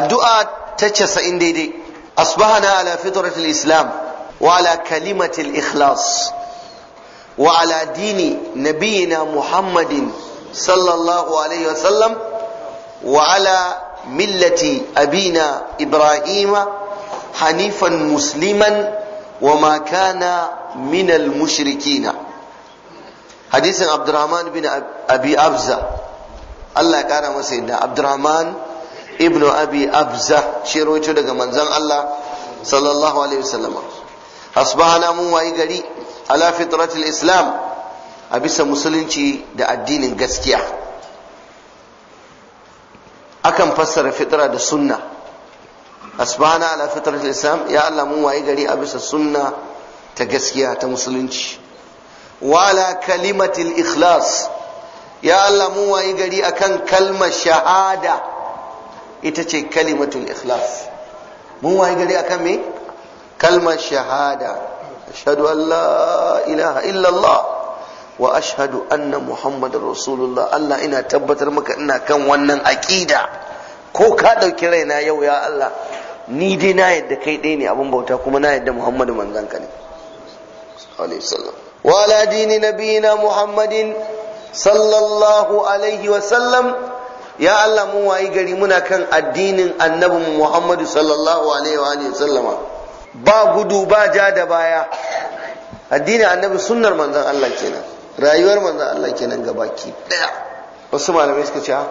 addu'a ta casa'in daidai asbahana ala fitratul islam wa ala kalimatul ikhlas wa ala dini nabiyina muhammadin sallallahu alaihi wasallam wa ala millati abina ibrahima hanifan musliman wa ma kana minal mushrikina hadisin abdurrahman bin abi abza Allah ya kara masa yadda abdurrahman ibnu abi abza shi rawaito daga manzon Allah sallallahu alaihi wasallam asbahana mun wayi gari ala fitratul islam a bisa musulunci da addinin gaskiya akan fassara fitra da sunna asbahana ala fitratul islam ya Allah mun wayi gari a bisa sunna ta gaskiya ta musulunci wala kalimatil ikhlas ya Allah mun wayi gari akan kalmar shahada ita ce kalimatul ikhlas mun waye gari akan me kalmar shahada ashhadu an la ilaha illallah wa ashhadu anna muhammadar rasulullah Allah ina tabbatar maka ina kan wannan aqida ko ka dauki raina yau ya Allah ni dai na yadda kai ɗaya ne abin bauta kuma na yadda muhammadu manzon ka ne wa ala dini nabiyina muhammadin sallallahu alaihi wa sallam ya Allah mun wayi gari muna kan addinin annabin Muhammadu sallallahu alaihi wa sallama ba gudu ba ja da baya addinin annabi sunnar manzon Allah kenan rayuwar manzon Allah kenan gabaki daya wasu malamai suka ce ah,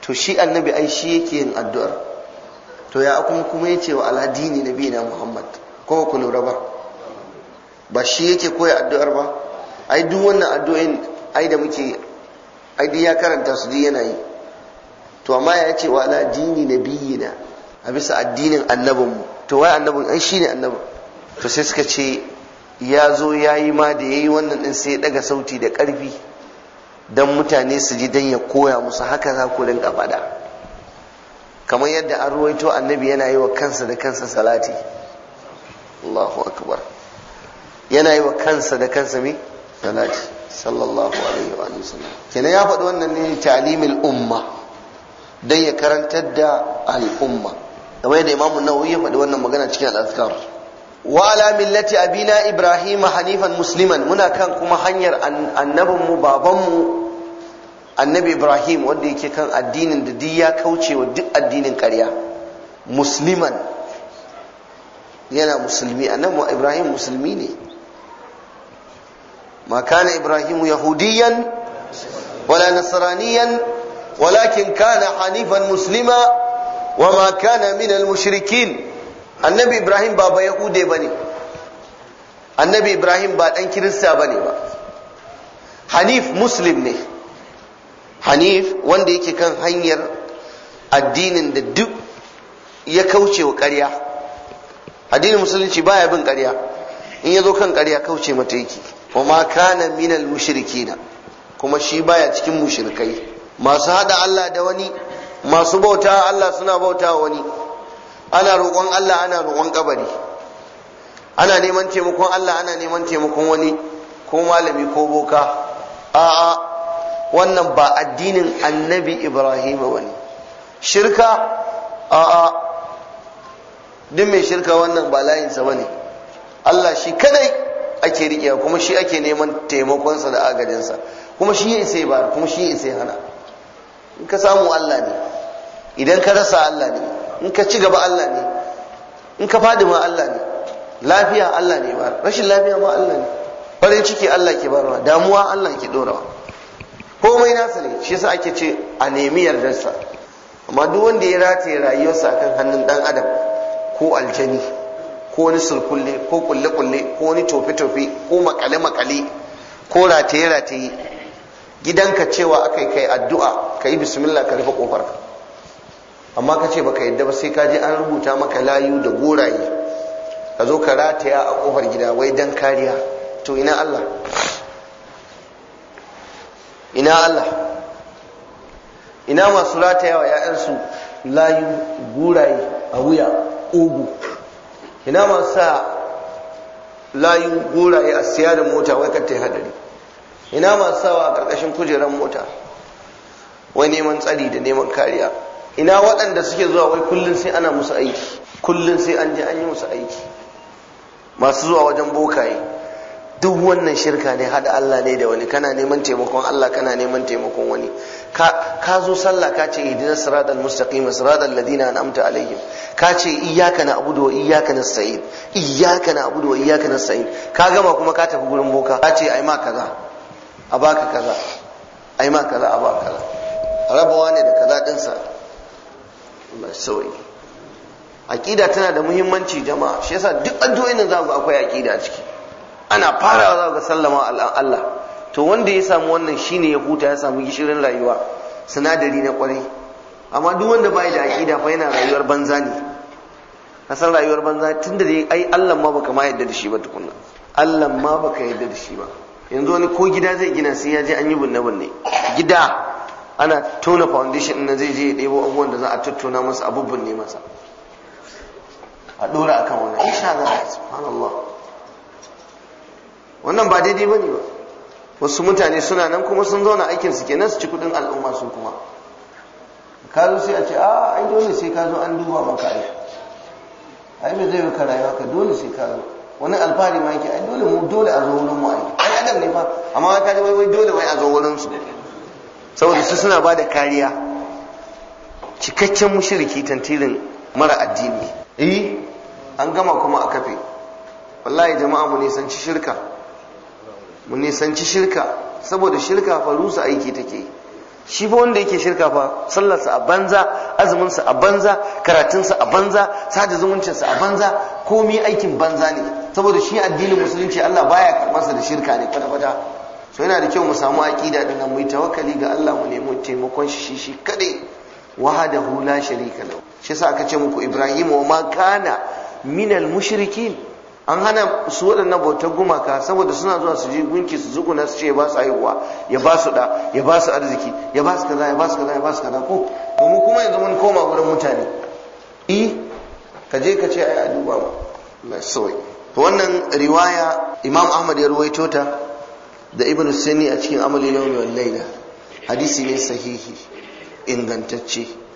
to shi annabi ai shi yake yin addu'ar to ya kuma kuma yace wa aladini nabiyina Muhammad ko ku lura ba ba shi yake koya addu'ar ba ai duk wannan addu'o'in ai da muke ai ya karanta su duk yana yi to amma ya ce wa ala dini nabiyina a bisa addinin annabinmu to wai annabin an shi ne annabin to sai suka ce ya zo ya yi ma da ya yi wannan din sai ya daga sauti da ƙarfi don mutane su ji don ya koya musu haka za ku rinƙa faɗa kamar yadda an ruwaito annabi yana yi wa kansa da kansa salati Allahu akbar yana yi wa kansa da kansa me salati sallallahu alaihi wa sallam kenan ya faɗi wannan ne talimin umma dai ya karantar da al'umma kamar yadda imamu nawawi ya faɗi wannan magana cikin al'azkar wa ala millati abina ibrahim hanifan musliman muna kan kuma hanyar annabinmu babanmu annabi ibrahim wanda yake kan addinin da duk ya kauce wa duk addinin ƙarya musliman yana musulmi annabi ibrahim musulmi ne ma kana ibrahim yahudiyan wala nasraniyan walakin kana hanifan muslima wa ma kana min al annabi ibrahim ba ba yahude annabi ibrahim ba dan kirista bane ba hanif muslim ne hanif wanda yake kan hanyar addinin da duk ya kauce wa addinin musulunci baya bin karya. in ya zo kan ƙarya kauce mata yake wa ma kana minal mushrikina kuma shi baya cikin mushrikai masu hada Allah da wani masu bauta Allah suna bauta wani ana roƙon Allah ana roƙon kabari ana neman taimakon Allah ana neman taimakon wani ko malami ko boka a'a wannan ba addinin annabi Ibrahim wani shirka a'a duk mai shirka wannan ba layinsa ba ne. Allah shi kadai ake riƙewa kuma shi ake neman taimakonsa da agajinsa kuma shi ya isa ba kuma shi ya isa hana in ka samu Allah ne idan ka rasa Allah ne in ka ci gaba Allah ne in ka fadi ma Allah ne lafiya Allah ne ba rashin lafiya ma Allah ne farin ciki Allah ke barwa damuwa Allah ke dorawa komai nasa ne shi yasa ake ce a nemi yardarsa amma duk wanda ya rataye rayuwarsa akan hannun dan adam ko aljani ko wani sulkulle ko kulle-kulle ko wani tofe-tofe ko makale-makale ko rataye-rataye gidanka cewa aka yi kai addu'a ka yi bismillah ka rufe kofar, amma ka ce baka yadda ba sai ka je an rubuta maka layu da goraye ka zo ka rataya a kofar gida wai dan kariya to ina Allah ina Allah ina masu rataya wa 'ya'yansu layu goraye a wuya ugu ina masu sa layu goraye a siya da mota wai kan ta hadari ina masu sawa a ƙarƙashin kujerar mota wai neman tsari da neman kariya ina waɗanda suke zuwa wai kullum sai ana musu aiki kullum sai an je an yi musu aiki masu zuwa wajen bokaye duk wannan shirka ne hada Allah ne da wani kana neman taimakon Allah kana neman taimakon wani ka zo sallah ka ce ihdina siratal mustaqim siratal ladina an'amta alaihim ka ce iyyaka na'budu wa iyyaka nasta'in iyyaka na'budu wa iyyaka nasta'in ka gama kuma ka tafi gurin boka ka ce ai ma kaza a baka kaza a yi ma kaza a baka kaza rabawa ne da kaza ɗinsa Allah sauri aƙida tana da muhimmanci jama'a shi yasa duk addu'o'in da za ku akwai aƙida ciki ana farawa za ga sallama Allah to wanda ya samu wannan shine ya huta ya samu gishirin rayuwa sinadari na kwarai amma duk wanda bai da aƙida fa yana rayuwar banza ne san rayuwar banza tunda dai ai Allah ma baka ma yadda da shi ba tukunna Allah ma baka yadda da shi ba yanzu wani ko gida zai gina sai ya je an yi bunne bunne gida ana tona foundation na zai je ya ɗebo abubuwan da za a tattona masa a bubbunne masa a ɗora akan wannan insha Allah subhanallah wannan ba daidai bane ba wasu mutane suna nan kuma sun zauna aikin su kenan su ci kudin al'umma su kuma ka zo sai a ce a ah, ai dole sai ka zo an duba maka ai ai me zai ka rayuwa ka dole sai ka zo wani alfahari ma yake ai dole mu dole a zo wurin mu aiki. adam ne fa amma wai ji wai dole wai a zo wurin su saboda su suna bada kariya cikakken mushriki tantirin mara addini eh an gama kuma a kafe wallahi jama'a mu nisanci shirka mu nisanci shirka saboda shirka fa rusa aiki take yi shi fa wanda yake shirka fa sallarsa a banza azuminsa a banza karatun sa a banza sada zumuncinsa a banza komi aikin banza ne saboda shi addinin musulunci Allah baya sa da shirka ne kwata-kwata so yana da kyau mu samu aƙida da nan mu yi tawakkali ga Allah mu nemi taimakon shi shi kade wahdahu la sharika lahu shi yasa aka ce muku Ibrahim wa ma kana minal mushrikin an hana su waɗannan bautar gumaka saboda suna zuwa su je gunki su zuguna su ce ya ba su haihuwa ya ba su da ya ba su arziki ya ba su kaza ya ba su kaza ya ba su kaza ko to mu kuma yanzu mun koma wurin mutane i e, ka je ka ce ai a duba ma mai sawai to wannan riwaya imam ahmad ya ruwaito ta da ibn sani a cikin amali yawmi wal laida. hadisi ne sahihi ingantacce